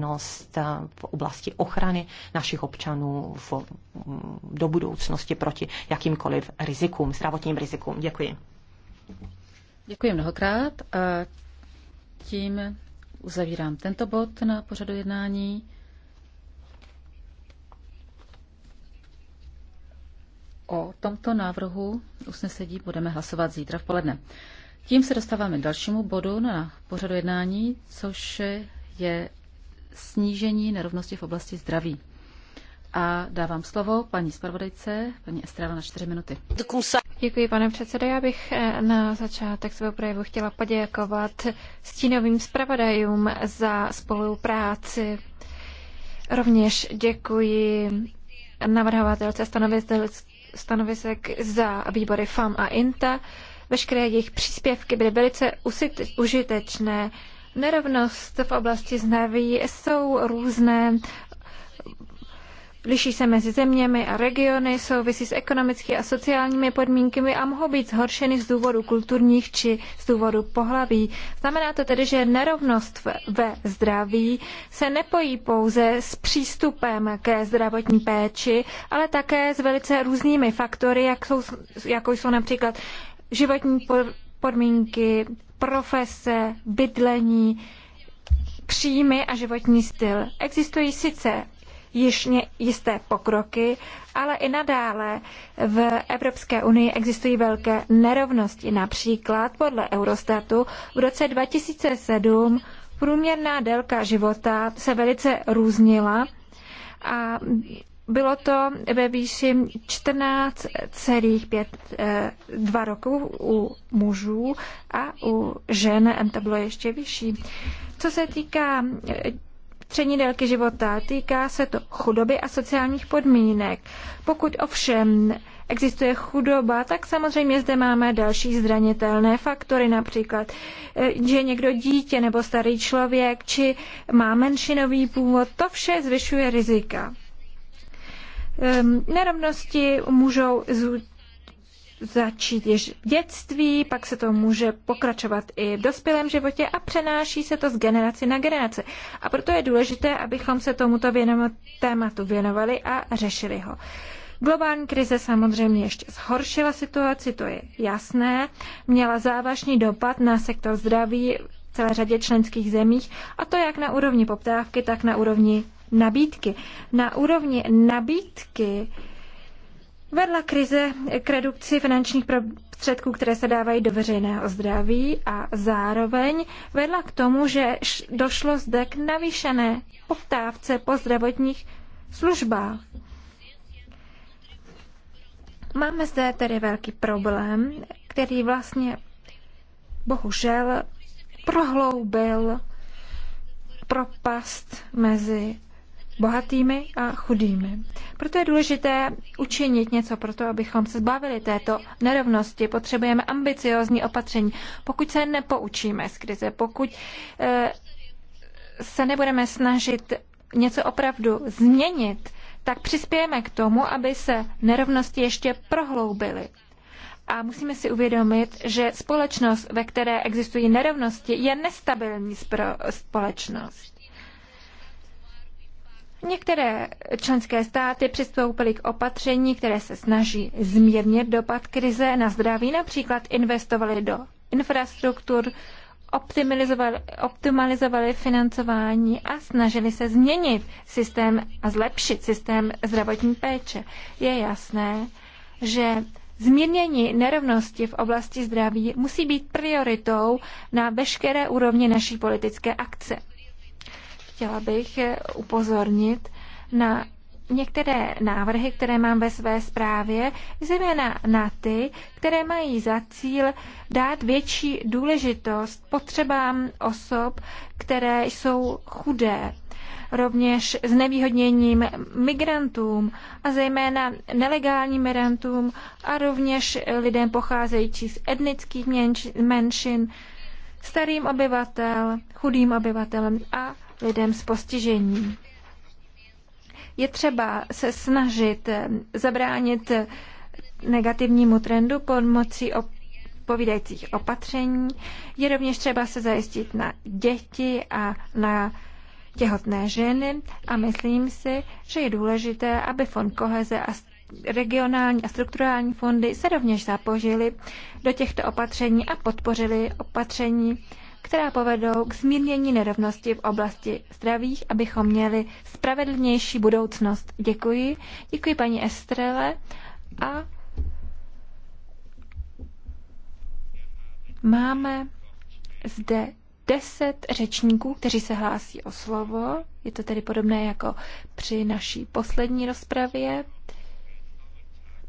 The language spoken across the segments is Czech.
činnost eh, v oblasti ochrany našich občanů v, mm, do budoucnosti proti jakýmkoliv rizikům, zdravotním rizikům. Děkuji. Děkuji mnohokrát a tím uzavírám tento bod na pořadu jednání. O tomto návrhu usnesení budeme hlasovat zítra v poledne. Tím se dostáváme k dalšímu bodu na pořadu jednání, což je snížení nerovnosti v oblasti zdraví. A dávám slovo paní zpravodajce, paní Estrela na čtyři minuty. Děkuji, pane předsedo. Já bych eh, na začátek svého projevu chtěla poděkovat stínovým zpravodajům za spolupráci. Rovněž děkuji navrhovatelce stanovisek za výbory FAM a INTA. Veškeré jejich příspěvky byly velice užitečné Nerovnost v oblasti zdraví jsou různé Liší se mezi zeměmi a regiony, souvisí s ekonomickými a sociálními podmínkami a mohou být zhoršeny z důvodu kulturních či z důvodu pohlaví. Znamená to tedy, že nerovnost ve zdraví se nepojí pouze s přístupem ke zdravotní péči, ale také s velice různými faktory, jak jsou, jako jsou například životní podmínky, profese, bydlení, příjmy a životní styl. Existují sice již jisté pokroky, ale i nadále v Evropské unii existují velké nerovnosti. Například podle Eurostatu v roce 2007 průměrná délka života se velice různila a bylo to ve výši 14,5 eh, roku u mužů a u žen to bylo ještě vyšší. Co se týká střední eh, délky života, týká se to chudoby a sociálních podmínek. Pokud ovšem existuje chudoba, tak samozřejmě zde máme další zranitelné faktory, například, eh, že někdo dítě nebo starý člověk, či má menšinový původ, to vše zvyšuje rizika. Nerovnosti můžou začít již v dětství, pak se to může pokračovat i v dospělém životě a přenáší se to z generace na generace. A proto je důležité, abychom se tomuto věno- tématu věnovali a řešili ho. Globální krize samozřejmě ještě zhoršila situaci, to je jasné. Měla závažný dopad na sektor zdraví v celé řadě členských zemích, a to jak na úrovni poptávky, tak na úrovni nabídky. Na úrovni nabídky vedla krize k redukci finančních prostředků, které se dávají do veřejného zdraví a zároveň vedla k tomu, že došlo zde k navýšené poptávce po zdravotních službách. Máme zde tedy velký problém, který vlastně bohužel prohloubil propast mezi bohatými a chudými. Proto je důležité učinit něco pro to, abychom se zbavili této nerovnosti. Potřebujeme ambiciozní opatření. Pokud se nepoučíme z krize, pokud eh, se nebudeme snažit něco opravdu změnit, tak přispějeme k tomu, aby se nerovnosti ještě prohloubily. A musíme si uvědomit, že společnost, ve které existují nerovnosti, je nestabilní společnost. Některé členské státy přistoupily k opatření, které se snaží zmírnit dopad krize na zdraví, například investovali do infrastruktur, optimalizovali, optimalizovali financování a snažili se změnit systém a zlepšit systém zdravotní péče. Je jasné, že Zmírnění nerovnosti v oblasti zdraví musí být prioritou na veškeré úrovni naší politické akce chtěla bych upozornit na některé návrhy, které mám ve své zprávě, zejména na ty, které mají za cíl dát větší důležitost potřebám osob, které jsou chudé, rovněž znevýhodněním migrantům a zejména nelegálním migrantům a rovněž lidem pocházející z etnických menšin, starým obyvatel, chudým obyvatelem a lidem s postižením. Je třeba se snažit eh, zabránit eh, negativnímu trendu pomocí odpovídajících opatření. Je rovněž třeba se zajistit na děti a na těhotné ženy a myslím si, že je důležité, aby fond koheze a regionální a strukturální fondy se rovněž zapojili do těchto opatření a podpořili opatření která povedou k zmírnění nerovnosti v oblasti zdravých, abychom měli spravedlnější budoucnost. Děkuji. Děkuji paní Estrele a máme zde deset řečníků, kteří se hlásí o slovo. Je to tedy podobné jako při naší poslední rozpravě.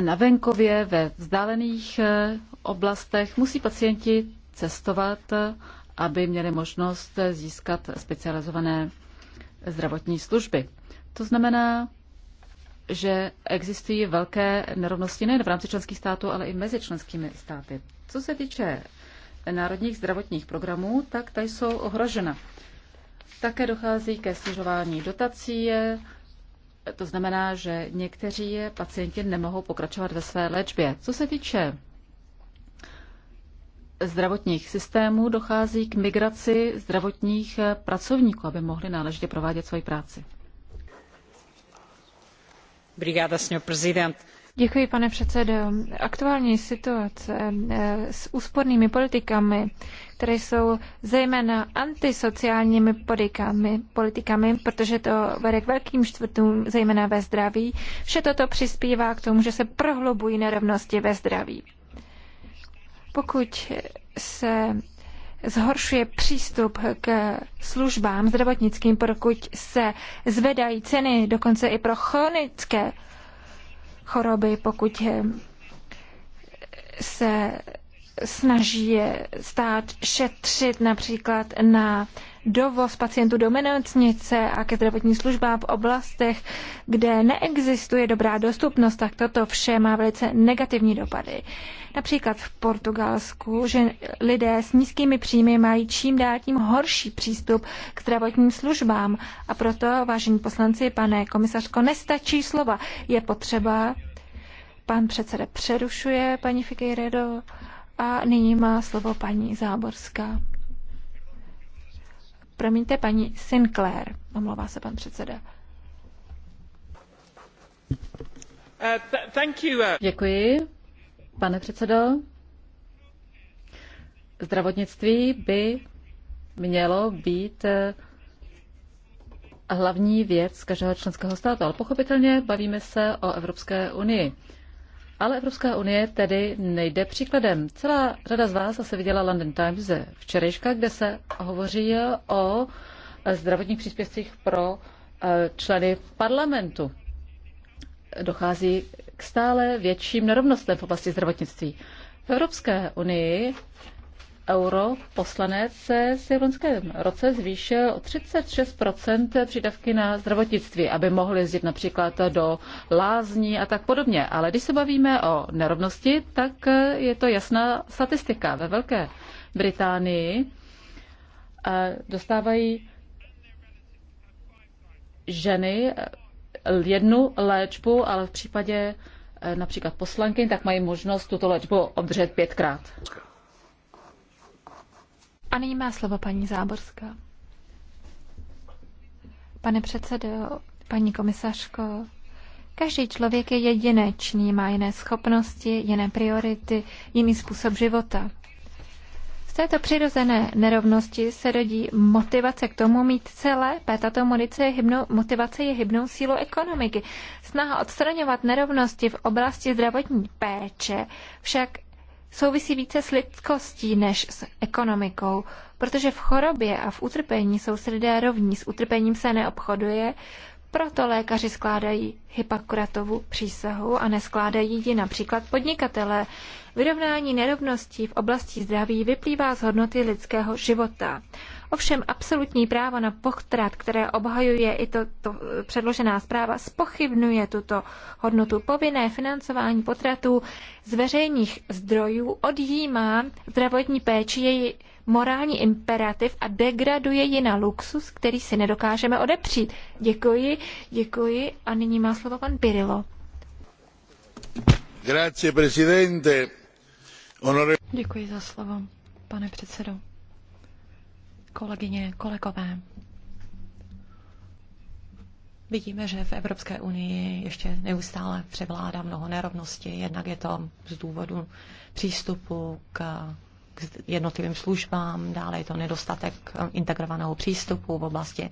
na venkově, ve vzdálených eh, oblastech musí pacienti cestovat, eh, aby měli možnost získat specializované zdravotní služby. To znamená, že existují velké nerovnosti nejen v rámci členských států, ale i mezi členskými státy. Co se týče národních zdravotních programů, tak ta jsou ohrožena. Také dochází ke snižování dotací, to znamená, že někteří pacienti nemohou pokračovat ve své léčbě. Co se týče zdravotních systémů, dochází k migraci zdravotních pracovníků, aby mohli náležitě provádět svoji práci. Brigáda, senhor prezident. Děkuji, pane předsedo. Aktuální situace eh, s úspornými politikami, které jsou zejména antisociálními politikami, politikami protože to vede k velkým čtvrtům, zejména ve zdraví, vše toto přispívá k tomu, že se prohlubují nerovnosti ve zdraví. Pokud se zhoršuje přístup k službám zdravotnickým, pokud se zvedají ceny dokonce i pro chronické choroby, pokud se snaží stát šetřit například na dovoz pacientů do nemocnice a ke zdravotní službám v oblastech, kde neexistuje dobrá dostupnost, tak toto vše má velice negativní dopady. Například v Portugalsku, že lidé s nízkými příjmy mají čím dál tím horší přístup k zdravotním službám. A proto, vážení poslanci, pane komisařko, nestačí slova. Je potřeba Pan předseda přerušuje paní Figueiredo a nyní má slovo paní Záborská. Promiňte, paní Sinclair, omlouvá se pan předseda. Eh, eh. Děkuji, pane předsedo. Zdravotnictví by mělo být eh, hlavní věc každého členského státu, ale pochopitelně bavíme se o Evropské unii. Ale Evropská unie tedy nejde příkladem. Celá řada z vás se viděla London Times ze včerejška, kde se hovoří o zdravotních příspěvcích pro eh, členy parlamentu. Dochází k stále větším nerovnostem v oblasti zdravotnictví. V Evropské unii euro poslanec se v loňském roce zvýšil o 36 přidavky na zdravotnictví, aby mohli jezdit například do lázní a tak podobně. Ale když se bavíme o nerovnosti, tak je to jasná statistika. Ve Velké Británii eh, dostávají ženy eh, jednu léčbu, ale v případě eh, například poslanky, tak mají možnost tuto léčbu obdržet pětkrát. A nyní má slovo paní Záborská. Pane předsedo, paní komisařko, každý člověk je jedinečný, má jiné schopnosti, jiné priority, jiný způsob života. Z této přirozené nerovnosti se rodí motivace k tomu mít celé. Tato motivace je, hybnou, motivace je hybnou sílou ekonomiky. Snaha odstraňovat nerovnosti v oblasti zdravotní péče však souvisí více s lidskostí než s ekonomikou, protože v chorobě a v utrpení jsou si lidé rovní, s utrpením se neobchoduje, proto lékaři skládají Hippokratovu přísahu a neskládají ji například podnikatele. Vyrovnání nerovností v oblasti zdraví vyplývá z hodnoty lidského života. Ovšem absolutní právo na pochtrat, které obhajuje i to, to eh, předložená zpráva, spochybnuje tuto hodnotu. Povinné financování potratů z veřejných zdrojů odjímá zdravotní péči její morální imperativ a degraduje ji na luxus, který si nedokážeme odepřít. Děkuji, děkuji a nyní má slovo pan Pirilo. Grazie, presidente. Honore... Děkuji za slovo, pane předsedo. Kolegyně, kolegové, vidíme, že v Evropské unii ještě neustále převládá mnoho nerovnosti. Jednak je to z důvodu přístupu k, k jednotlivým službám, dále je to nedostatek integrovaného přístupu v oblasti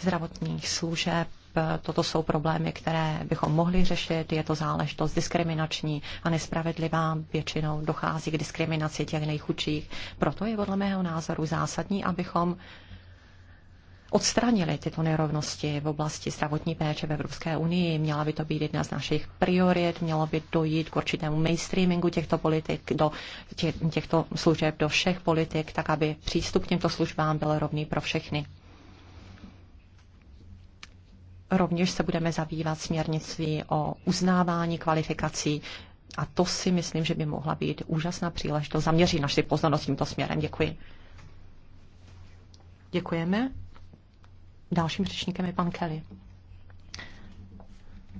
zdravotních služeb, Eh, toto jsou problémy, které bychom mohli řešit. Je to záležitost diskriminační a nespravedlivá. Většinou dochází k diskriminaci těch nejchudších. Proto je podle mého názoru zásadní, abychom odstranili tyto nerovnosti v oblasti zdravotní péče v Evropské unii. Měla by to být jedna z našich priorit, mělo by dojít k určitému mainstreamingu těchto politik, do těchto služeb, do všech politik, tak aby přístup k těmto službám byl rovný pro všechny. Rovněž se budeme zabývat směrnictví o uznávání kvalifikací a to si myslím, že by mohla být úžasná příležitost zaměřit naši pozornost tímto směrem. Děkuji. Děkujeme. Dalším řečníkem je pan Kelly.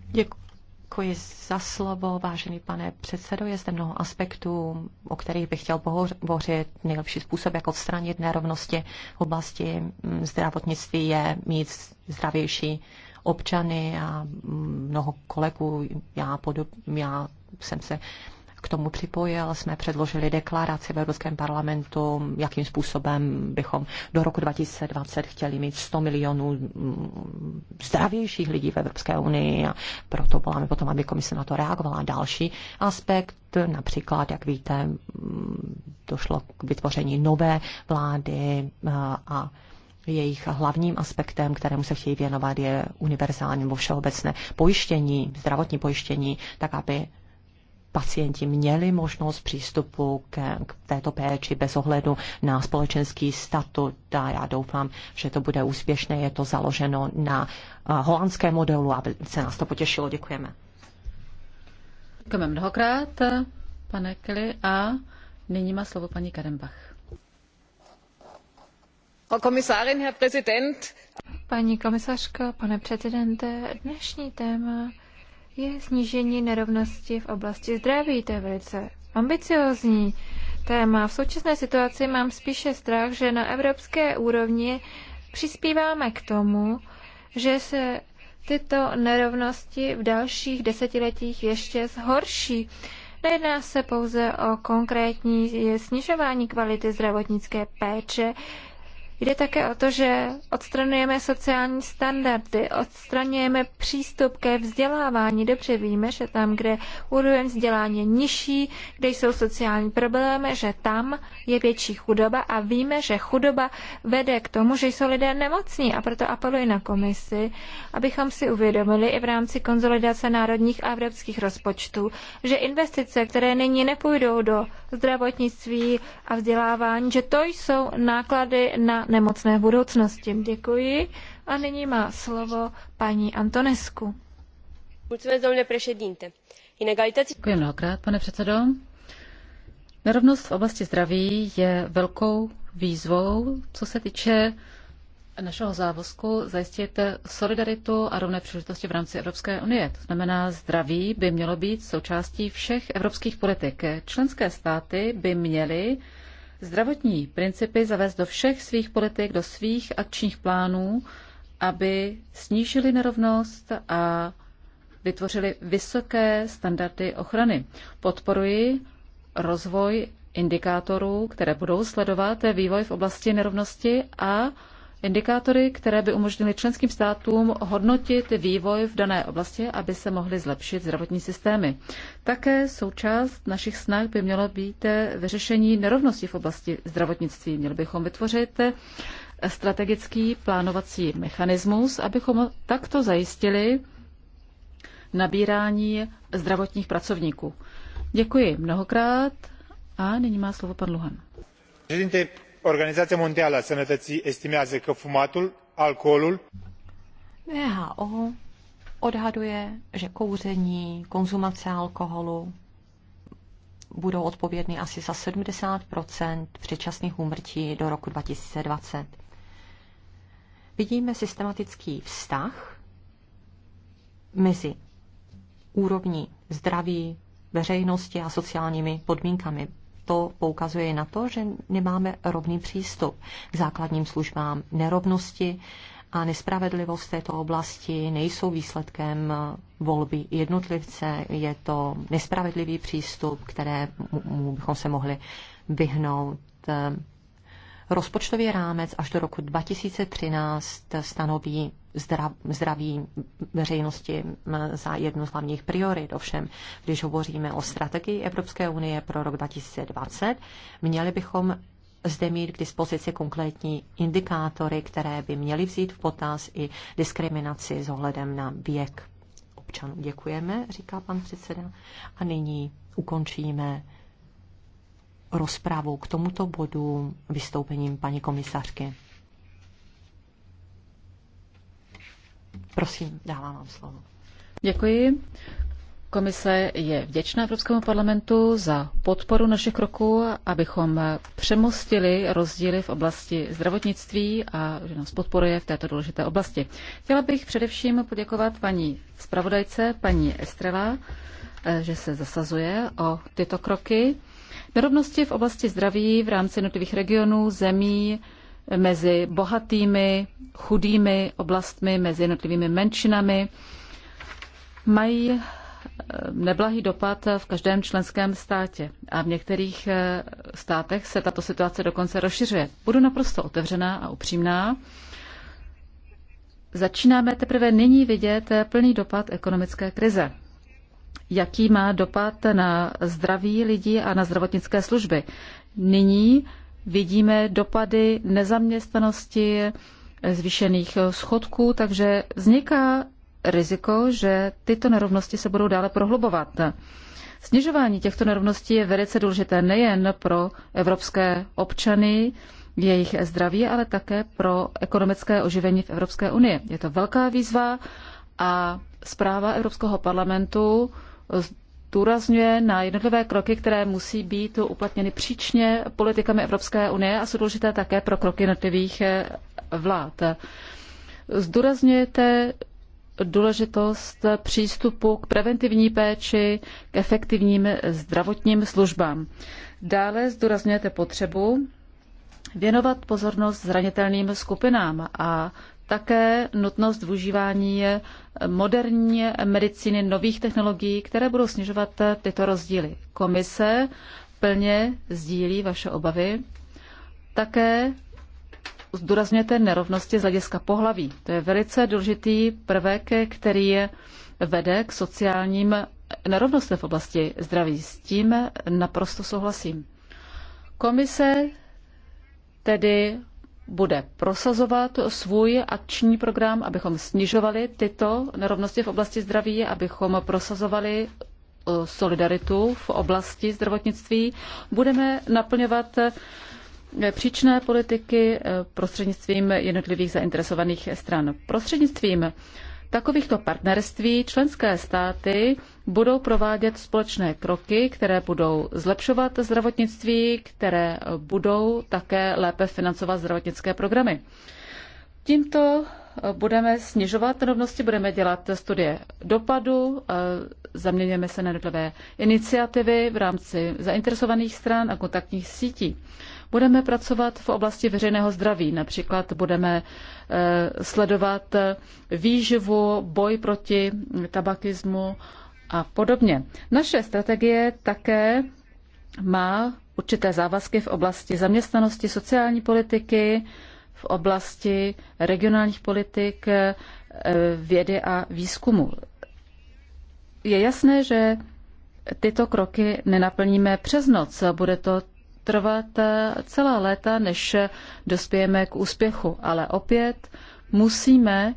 Děkuji za slovo, vážený pane předsedo. Je zde mnoho aspektů, o kterých bych chtěl pohovořit. Nejlepší způsob, jak odstranit nerovnosti v oblasti mm, zdravotnictví, je mít zdravější občany a mnoho kolegů, já, podob, já jsem se k tomu připojil, jsme předložili deklaraci v Evropském parlamentu, jakým způsobem bychom do roku 2020 chtěli mít 100 milionů mm, zdravějších lidí v Evropské unii a proto voláme potom, aby komise na to reagovala. Další aspekt, například, jak víte, mm, došlo k vytvoření nové vlády a jejich hlavním aspektem, kterému se chtějí věnovat, je univerzální nebo všeobecné pojištění, zdravotní pojištění, tak aby pacienti měli možnost přístupu k, k této péči bez ohledu na společenský statut a já doufám, že to bude úspěšné. Je to založeno na holandské modelu, aby se nás to potěšilo. Děkujeme. Děkujeme mnohokrát, pane Kelly, a nyní má slovo paní Karenbach. Paní komisařko, pane předsedo dnešní téma je snížení nerovnosti v oblasti zdraví. To je velice ambiciózní téma. V současné situaci mám spíše strach, že na evropské úrovni přispíváme k tomu, že se tyto nerovnosti v dalších desetiletích ještě zhorší. Nejedná se pouze o konkrétní snižování kvality zdravotnické péče, Jde také o to, že odstraňujeme sociální standardy, odstraňujeme přístup ke vzdělávání. Dobře víme, že tam, kde úroveň vzdělání je nižší, kde jsou sociální problémy, že tam je větší chudoba a víme, že chudoba vede k tomu, že jsou lidé nemocní a proto apeluji na komisi, abychom si uvědomili i v rámci konzolidace národních a evropských rozpočtů, že investice, které nyní nepůjdou do zdravotnictví a vzdělávání, že to jsou náklady na nemocné budoucnosti. Děkuji a nyní má slovo paní Antonesku. Děkuji mnohokrát, pane předsedo. Nerovnost v oblasti zdraví je velkou výzvou, co se týče našeho závazku zajistit solidaritu a rovné příležitosti v rámci Evropské unie. To znamená, zdraví by mělo být součástí všech evropských politik. Členské státy by měly zdravotní principy zavést do všech svých politik, do svých akčních plánů, aby snížili nerovnost a vytvořili vysoké standardy ochrany. Podporuji rozvoj indikátorů, které budou sledovat vývoj v oblasti nerovnosti a indikátory, které by umožnily členským státům hodnotit vývoj v dané oblasti, aby se mohly zlepšit zdravotní systémy. Také součást našich snah by mělo být vyřešení nerovnosti v oblasti zdravotnictví. Měli bychom vytvořit strategický plánovací mechanismus, abychom takto zajistili nabírání zdravotních pracovníků. Děkuji mnohokrát a nyní má slovo pan Luhan organizația mondială a sănătății estimează că fumatul, alkoholul WHO odhaduje, že kouření, konzumace alkoholu budou odpovědny asi za 70 předčasných úmrtí do roku 2020. Vidíme systematický vztah mezi úrovní zdraví veřejnosti a sociálními podmínkami to poukazuje na to, že nemáme rovný přístup k základním službám nerovnosti a nespravedlivost této oblasti nejsou výsledkem volby jednotlivce, je to nespravedlivý přístup, kterému bychom se mohli vyhnout rozpočtový rámec až do roku 2013 stanoví zdrav, zdraví veřejnosti za jednu z hlavních priorit. Ovšem, když hovoříme o strategii Evropské unie pro rok 2020, měli bychom zde mít k dispozici konkrétní indikátory, které by měly vzít v potaz i diskriminaci s ohledem na věk občanů. Děkujeme, říká pan předseda. A nyní ukončíme rozpravu k tomuto bodu vystoupením paní komisařky. Prosím, dávám vám slovo. Děkuji. Komise je vděčná Evropskému parlamentu za podporu našich kroků, abychom přemostili rozdíly v oblasti zdravotnictví a že nás podporuje v této důležité oblasti. Chtěla bych především poděkovat paní zpravodajce, paní Estrela, eh, že se zasazuje o tyto kroky. Nerovnosti v oblasti zdraví v rámci jednotlivých regionů, zemí, mezi bohatými, chudými oblastmi, mezi jednotlivými menšinami mají eh, neblahý dopad v každém členském státě a v některých eh, státech se tato situace dokonce rozšiřuje. Budu naprosto otevřená a upřímná. Začínáme teprve nyní vidět eh, plný dopad ekonomické krize jaký má dopad na zdraví lidí a na zdravotnické služby. Nyní vidíme dopady nezaměstnanosti, zvýšených schodků, takže vzniká riziko, že tyto nerovnosti se budou dále prohlubovat. Snižování těchto nerovností je velice důležité nejen pro evropské občany, jejich zdraví, ale také pro ekonomické oživení v Evropské unii. Je to velká výzva a Zpráva Evropského parlamentu zdůrazňuje na jednotlivé kroky, které musí být uplatněny příčně politikami Evropské unie a jsou důležité také pro kroky jednotlivých eh, vlád. Zdůrazňujete důležitost přístupu k preventivní péči, k efektivním zdravotním službám. Dále zdůrazňujete potřebu věnovat pozornost zranitelným skupinám a také nutnost využívání moderní medicíny, nových technologií, které budou snižovat tyto rozdíly. Komise plně sdílí vaše obavy. Také zdůrazňujete nerovnosti z hlediska pohlaví. To je velice důležitý prvek, který vede k sociálním nerovnostem v oblasti zdraví. S tím naprosto souhlasím. Komise tedy bude prosazovat svůj akční program, abychom snižovali tyto nerovnosti v oblasti zdraví, abychom prosazovali eh, solidaritu v oblasti zdravotnictví. Budeme naplňovat eh, příčné politiky eh, prostřednictvím jednotlivých zainteresovaných stran. Prostřednictvím takovýchto partnerství členské státy budou provádět společné kroky, které budou zlepšovat zdravotnictví, které budou také lépe financovat zdravotnické programy. Tímto budeme snižovat rovnosti, budeme dělat studie dopadu, eh, zaměňujeme se na jednotlivé iniciativy v rámci zainteresovaných stran a kontaktních sítí. Budeme pracovat v oblasti veřejného zdraví, například budeme eh, sledovat výživu, boj proti tabakismu a podobně. Naše strategie také má určité závazky v oblasti zaměstnanosti, sociální politiky, v oblasti regionálních politik, eh, vědy a výzkumu. Je jasné, že tyto kroky nenaplníme přes noc. Bude to trvat eh, celá léta, než dospějeme k úspěchu. Ale opět musíme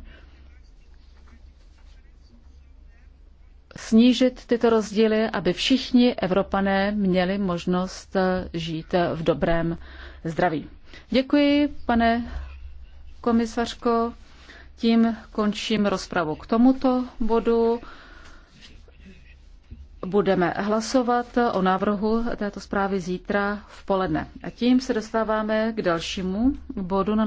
snížit tyto rozdíly, aby všichni Evropané měli možnost eh, žít v dobrém zdraví. Děkuji, pane komisařko. Tím končím rozpravu k tomuto bodu. Budeme hlasovat o návrhu této zprávy zítra v poledne. A tím se dostáváme k dalšímu bodu na